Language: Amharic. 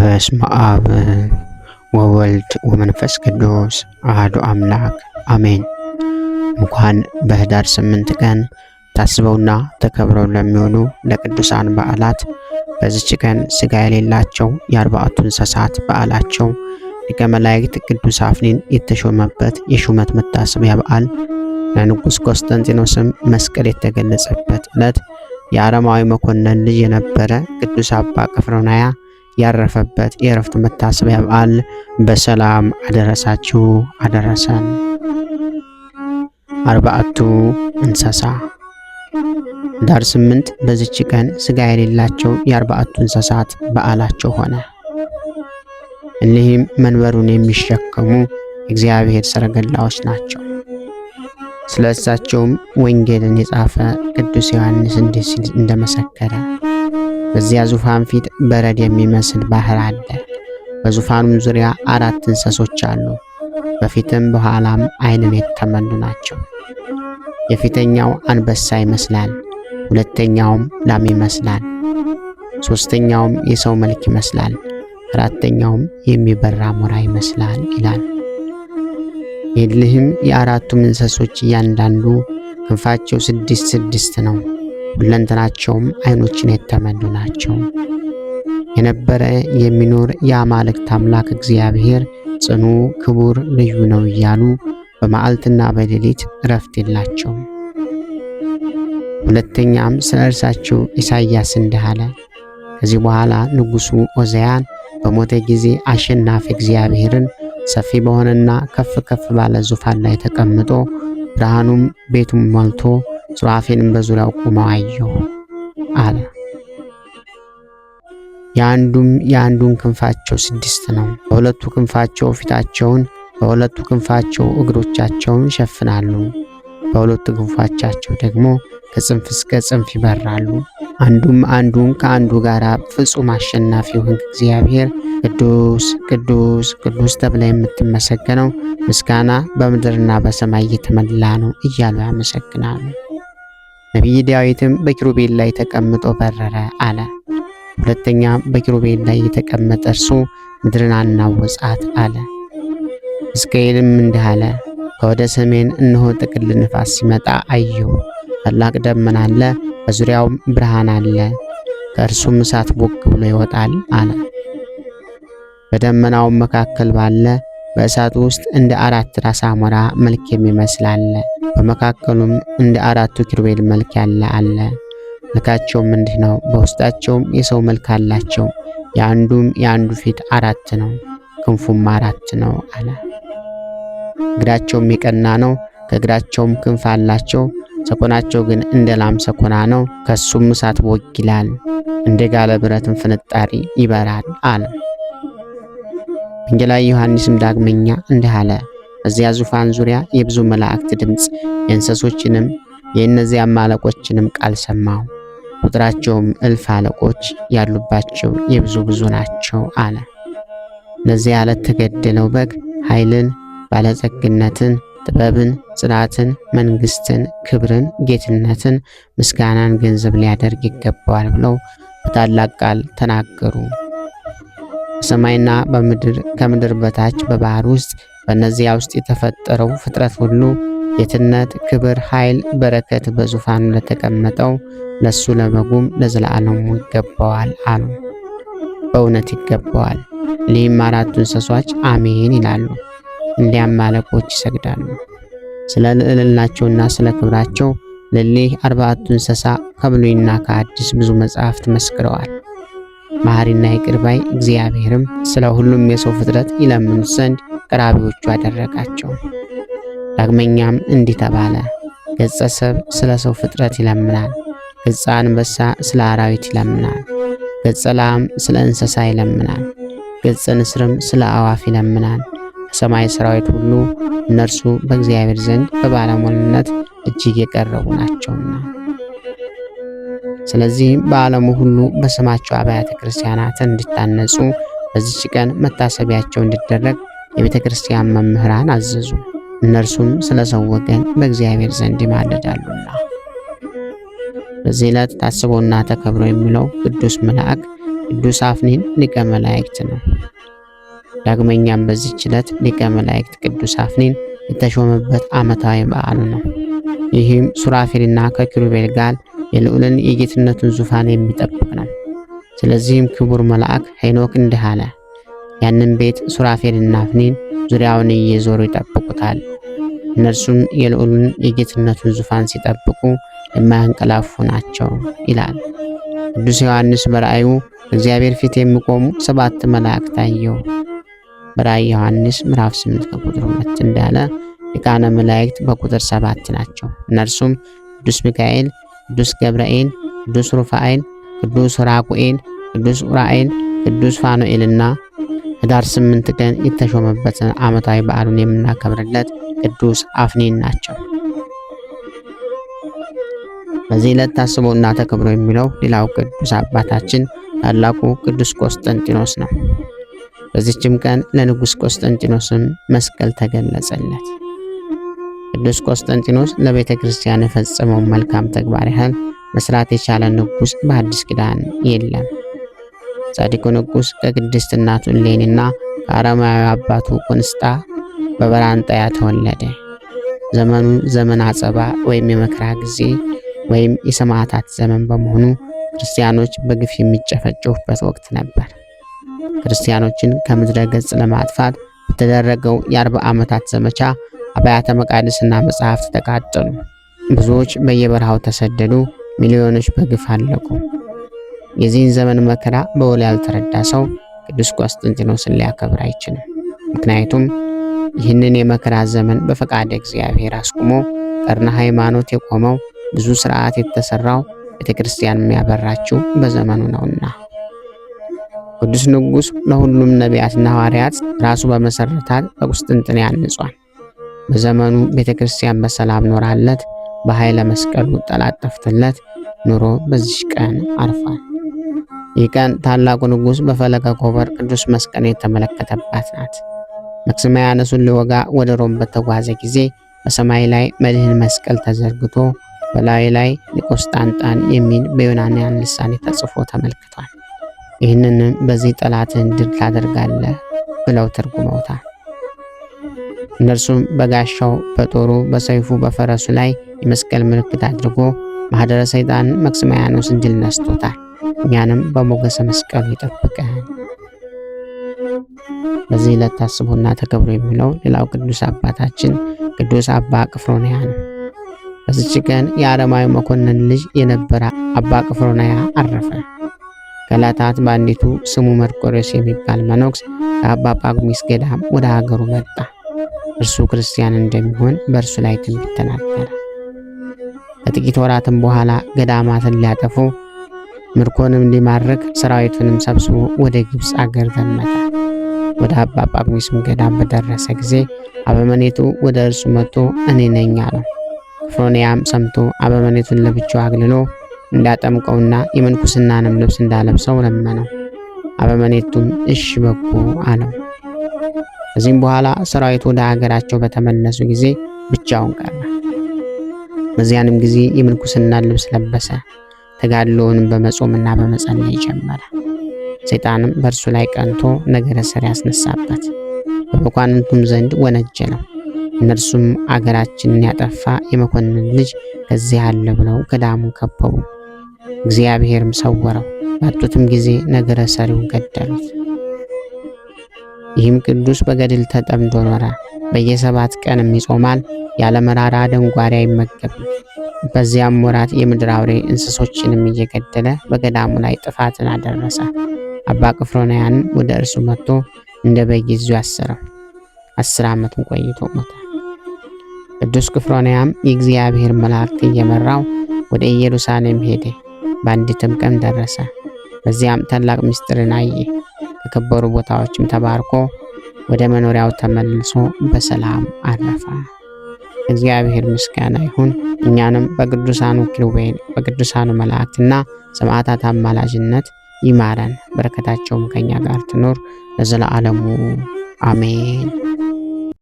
በስመ አብ ወወልድ ወመንፈስ ቅዱስ አህዱ አምላክ አሜን። እንኳን በህዳር ስምንት ቀን ታስበውና ተከብረው ለሚውሉ ለቅዱሳን በዓላት በዚች ቀን ሥጋ የሌላቸው የአርባዕቱ እንስሳት በዓላቸው ሊቀ መላእክት ቅዱስ አፍኒን የተሾመበት የሹመት መታሰቢያ በዓል ለንጉሥ ኮንስታንቲኖስም መስቀል የተገለጸበት ዕለት የአረማዊ መኮንን ልጅ የነበረ ቅዱስ አባ ቅፍርናያ ያረፈበት የእረፍት መታሰቢያ በዓል በሰላም አደረሳችሁ አደረሰን። አርባዕቱ እንስሳ ዳር ስምንት በዚች ቀን ስጋ የሌላቸው የአርባዕቱ እንስሳት በዓላቸው ሆነ። እኒህም መንበሩን የሚሸከሙ እግዚአብሔር ሰረገላዎች ናቸው። ስለ እሳቸውም ወንጌልን የጻፈ ቅዱስ ዮሐንስ እንዲህ ሲል እንደመሰከረ በዚያ ዙፋን ፊት በረድ የሚመስል ባህር አለ። በዙፋኑም ዙሪያ አራት እንስሶች አሉ። በፊትም በኋላም ዓይንን የተመሉ ናቸው። የፊተኛው አንበሳ ይመስላል፣ ሁለተኛውም ላም ይመስላል፣ ሦስተኛውም የሰው መልክ ይመስላል፣ አራተኛውም የሚበራ ሞራ ይመስላል ይላል። የድልህም የአራቱም እንስሶች እያንዳንዱ ክንፋቸው ስድስት ስድስት ነው። ሁለንተናቸውም አይኖችን የተመሉ ናቸው። የነበረ የሚኖር የአማልክት አምላክ እግዚአብሔር ጽኑ፣ ክቡር፣ ልዩ ነው እያሉ በመዓልትና በሌሊት እረፍት የላቸው። ሁለተኛም ስለ እርሳቸው ኢሳይያስ እንዲህ አለ። ከዚህ በኋላ ንጉሡ ኦዘያን በሞተ ጊዜ አሸናፊ እግዚአብሔርን ሰፊ በሆነና ከፍ ከፍ ባለ ዙፋን ላይ ተቀምጦ ብርሃኑም ቤቱም ሞልቶ ሱራፌልም በዙሪያው ቆመው አየሁ አለ። የአንዱም የአንዱን ክንፋቸው ስድስት ነው። በሁለቱ ክንፋቸው ፊታቸውን፣ በሁለቱ ክንፋቸው እግሮቻቸውን ይሸፍናሉ። በሁለቱ ክንፋቻቸው ደግሞ ከጽንፍ እስከ ጽንፍ ይበራሉ። አንዱም አንዱን ከአንዱ ጋር ፍጹም አሸናፊ ሆን እግዚአብሔር ቅዱስ ቅዱስ ቅዱስ ተብላ የምትመሰገነው ምስጋና በምድርና በሰማይ እየተመላ ነው እያሉ ያመሰግናሉ። ነቢይ ዳዊትም በኪሩቤል ላይ ተቀምጦ በረረ አለ። ሁለተኛ በኪሩቤል ላይ የተቀመጠ እርሱ ምድርን አናወጻት አለ። ሕዝቅኤልም እንዲህ አለ፣ ከወደ ሰሜን እነሆ ጥቅል ንፋስ ሲመጣ አየሁ። ታላቅ ደመና አለ፣ በዙሪያውም ብርሃን አለ፣ ከእርሱም እሳት ቦግ ብሎ ይወጣል አለ። በደመናውም መካከል ባለ በእሳቱ ውስጥ እንደ አራት ራስ አሞራ መልክ የሚመስል አለ። በመካከሉም እንደ አራቱ ኪሩቤል መልክ ያለ አለ። መልካቸውም እንዲህ ነው። በውስጣቸውም የሰው መልክ አላቸው። የአንዱም የአንዱ ፊት አራት ነው፣ ክንፉም አራት ነው አለ። እግራቸውም የቀና ነው። ከእግራቸውም ክንፍ አላቸው። ሰኮናቸው ግን እንደ ላም ሰኮና ነው። ከሱም እሳት ቦግ ይላል፣ እንደ ጋለ ብረትም ፍንጣሪ ይበራል አለ። ወንጌላዊ ዮሐንስም ዳግመኛ እንዲህ አለ። ዙፋን ዙሪያ የብዙ መላእክት ድምፅ፣ የእንሰሶችንም የእነዚያም አለቆችንም ቃል ሰማሁ። ቁጥራቸውም እልፍ አለቆች ያሉባቸው የብዙ ብዙ ናቸው አለ። ለዚህ ያለ ተገደለው በግ ኃይልን፣ ባለጸግነትን፣ ጥበብን፣ ጽናትን፣ መንግስትን፣ ክብርን፣ ጌትነትን፣ ምስጋናን ገንዘብ ሊያደርግ ይገባዋል ብለው በታላቅ ቃል ተናገሩ። በሰማይና ከምድር በታች በባህር ውስጥ በእነዚያ ውስጥ የተፈጠረው ፍጥረት ሁሉ የትነት ክብር፣ ኃይል፣ በረከት በዙፋኑ ለተቀመጠው ለሱ ለበጉም ለዘላለሙ ይገባዋል አሉ። በእውነት ይገባዋል። ሊህም አራቱ እንስሶች አሜን ይላሉ፣ እንዲያም ማለቆች ይሰግዳሉ። ስለ ልዕልናቸውና ስለ ክብራቸው ለሊህ አርባዕቱ እንስሳ ከብሉይና ከአዲስ ብዙ መጻሕፍት መስክረዋል። መሐሪና ይቅርባይ እግዚአብሔርም ስለ ሁሉም የሰው ፍጥረት ይለምኑት ዘንድ ቅራቢዎቹ አደረጋቸው። ዳግመኛም እንዲህ ተባለ። ገጸ ሰብ ስለ ሰው ፍጥረት ይለምናል። ገጸ አንበሳ ስለ አራዊት ይለምናል። ገጸ ላም ስለ እንስሳ ይለምናል። ገጸ ንስርም ስለ አዋፍ ይለምናል። ከሰማይ ሰራዊት ሁሉ እነርሱ በእግዚአብሔር ዘንድ በባለሞልነት እጅግ የቀረቡ ናቸውና ስለዚህም በዓለሙ ሁሉ በስማቸው አብያተ ክርስቲያናትን እንዲታነጹ በዚች ቀን መታሰቢያቸው እንዲደረግ የቤተ ክርስቲያን መምህራን አዘዙ። እነርሱም ስለ ሰው ወገን በእግዚአብሔር ዘንድ ይማልዳሉና። በዚህ ዕለት ታስቦና ተከብሮ የሚለው ቅዱስ መልአክ ቅዱስ አፍኒን ሊቀ መላእክት ነው። ዳግመኛም በዚች ዕለት ሊቀ መላእክት ቅዱስ አፍኒን የተሾመበት ዓመታዊ በዓሉ ነው። ይህም ሱራፌልና ከኪሩቤል ጋር የልዑልን የጌትነቱን ዙፋን የሚጠብቅ ነው። ስለዚህም ክቡር መልአክ ሄኖክ እንዲህ አለ፣ ያንን ቤት ሱራፌልና ፍኒን ዙሪያውን እየዞሩ ይጠብቁታል። እነርሱም የልዑሉን የጌትነቱን ዙፋን ሲጠብቁ የማያንቀላፉ ናቸው ይላል። ቅዱስ ዮሐንስ በራእዩ እግዚአብሔር ፊት የሚቆሙ ሰባት መላእክት አየው። በራእይ ዮሐንስ ምዕራፍ 8 ከቁጥር 2 እንዳለ ሊቃነ መላእክት በቁጥር ሰባት ናቸው። እነርሱም ቅዱስ ሚካኤል ቅዱስ ገብርኤል፣ ቅዱስ ሩፋኤል፣ ቅዱስ ራቁኤል፣ ቅዱስ ኡራኤል፣ ቅዱስ ፋኑኤልና ህዳር ስምንት ቀን የተሾመበትን ዓመታዊ በዓሉን የምናከብርለት ቅዱስ አፍኒን ናቸው። በዚህ ዕለት ታስቦ እና ተከብሮ የሚለው ሌላው ቅዱስ አባታችን ታላቁ ቅዱስ ቆስጠንጢኖስ ነው። በዚችም ቀን ለንጉሥ ቆስጠንጢኖስም መስቀል ተገለጸለት። ቅዱስ ቆስጠንጢኖስ ለቤተ ክርስቲያን የፈጸመውን መልካም ተግባር ያህል መስራት የቻለ ንጉሥ በአዲስ ኪዳን የለም። ጻድቁ ንጉሥ ከቅድስት እናቱ እሌኒና ከአረማዊ አባቱ ቁንስጣ በበራንጣያ ተወለደ። ዘመኑ ዘመን አጸባ ወይም የመከራ ጊዜ ወይም የሰማዕታት ዘመን በመሆኑ ክርስቲያኖች በግፍ የሚጨፈጨፉበት ወቅት ነበር። ክርስቲያኖችን ከምድረ ገጽ ለማጥፋት በተደረገው የአርባ ዓመታት ዘመቻ አብያተ መቃደስና መጽሐፍት ተቃጠሉ። ብዙዎች በየበረሃው ተሰደዱ። ሚሊዮኖች በግፍ አለቁ። የዚህን ዘመን መከራ በውል ያልተረዳ ሰው ቅዱስ ቆስጠንጢኖስን ሊያከብር አይችልም። ምክንያቱም ይህንን የመከራ ዘመን በፈቃደ እግዚአብሔር አስቁሞ ቀርነ ሃይማኖት የቆመው ብዙ ስርዓት የተሰራው ቤተ ክርስቲያን የሚያበራችው በዘመኑ ነውና። ቅዱስ ንጉሥ ለሁሉም ነቢያትና ሐዋርያት ራሱ በመሰረታት በቁስጥንጥንያ አንጿል። በዘመኑ ቤተ ክርስቲያን በሰላም ኖራለት በኃይለ መስቀሉ ጠላጠፍትለት ኑሮ በዚህ ቀን አርፏል። ይህ ቀን ታላቁ ንጉሥ በፈለገ ኮበር ቅዱስ መስቀል የተመለከተባት ናት። መክስማያነሱን ሊወጋ ወደ ሮም በተጓዘ ጊዜ በሰማይ ላይ መድህን መስቀል ተዘርግቶ በላዩ ላይ ኒቆስጣንጣን የሚል በዮናንያን ልሳኔ ተጽፎ ተመልክቷል። ይህንንም በዚህ ጠላትህን ድል ታደርጋለህ ብለው ትርጉመውታል። እነርሱም በጋሻው፣ በጦሩ፣ በሰይፉ፣ በፈረሱ ላይ የመስቀል ምልክት አድርጎ ማህደረ ሰይጣን መክስማያኖስን ድል ነስቶታል። እኛንም በሞገሰ መስቀሉ ይጠብቀን። በዚህ ዕለት ታስቦና ተከብሮ የሚለው ሌላው ቅዱስ አባታችን ቅዱስ አባ ቅፍሮንያ ነው። በዚች ቀን የአረማዊ መኮንን ልጅ የነበረ አባ ቅፍሮንያ አረፈ። ከዕለታት በአንዲቱ ስሙ መርቆሬዎስ የሚባል መነኩስ ከአባ ጳጉሚስ ገዳም ወደ ሀገሩ መጣ። እርሱ ክርስቲያን እንደሚሆን በእርሱ ላይ ትንቢት ተናገረ። ከጥቂት ወራትም በኋላ ገዳማትን ሊያጠፉ ምርኮንም ሊማርክ ሰራዊቱንም ሰብስቦ ወደ ግብፅ አገር ዘመተ። ወደ አባ ጳኩሚስም ገዳም በደረሰ ጊዜ አበመኔቱ ወደ እርሱ መጥቶ እኔ ነኝ አለው። ፍሮንያም ሰምቶ አበመኔቱን ለብቻው አግልሎ እንዳጠምቀውና የምንኩስናንም ልብስ እንዳለብሰው ለመነው። አበመኔቱም እሽ በጎ አለው። ከዚህም በኋላ ሰራዊቱ ወደ ሀገራቸው በተመለሱ ጊዜ ብቻውን ቀረ። በዚያንም ጊዜ የምንኩስና ልብስ ለበሰ። ተጋድሎውንም በመጾምና በመጸለይ ጀመረ። ሰይጣንም በእርሱ ላይ ቀንቶ ነገረ ሥር ያስነሳበት፣ በመኳንንቱም ዘንድ ወነጀለው። እነርሱም አገራችንን ያጠፋ የመኮንን ልጅ ከዚህ አለ ብለው ገዳሙ ከበቡ። እግዚአብሔርም ሰወረው። ባጡትም ጊዜ ነገረ ሰሪውን ገደሉት። ይህም ቅዱስ በገድል ተጠምዶ ኖረ። በየሰባት ቀንም ይጾማል። ያለ መራራ ደንጓሪ አይመገብም። በዚያም ወራት የምድር አውሬ እንስሶችንም እየገደለ በገዳሙ ላይ ጥፋትን አደረሰ። አባ ቅፍሮናያንም ወደ እርሱ መጥቶ እንደ በግ ያሰረው አስር ዓመትም ቆይቶ ሞተ። ቅዱስ ቅፍሮናያም የእግዚአብሔር መላእክት እየመራው ወደ ኢየሩሳሌም ሄደ። በአንዲትም ቀን ደረሰ። በዚያም ታላቅ ምስጢርን አየ። በከበሩ ቦታዎችም ተባርኮ ወደ መኖሪያው ተመልሶ በሰላም አረፈ። እግዚአብሔር ምስጋና ይሁን። እኛንም በቅዱሳኑ ኪሩቤል በቅዱሳኑ መላእክትና ሰማዕታት አማላጅነት ይማረን። በረከታቸውም ከኛ ጋር ትኖር ለዘለዓለሙ አሜን።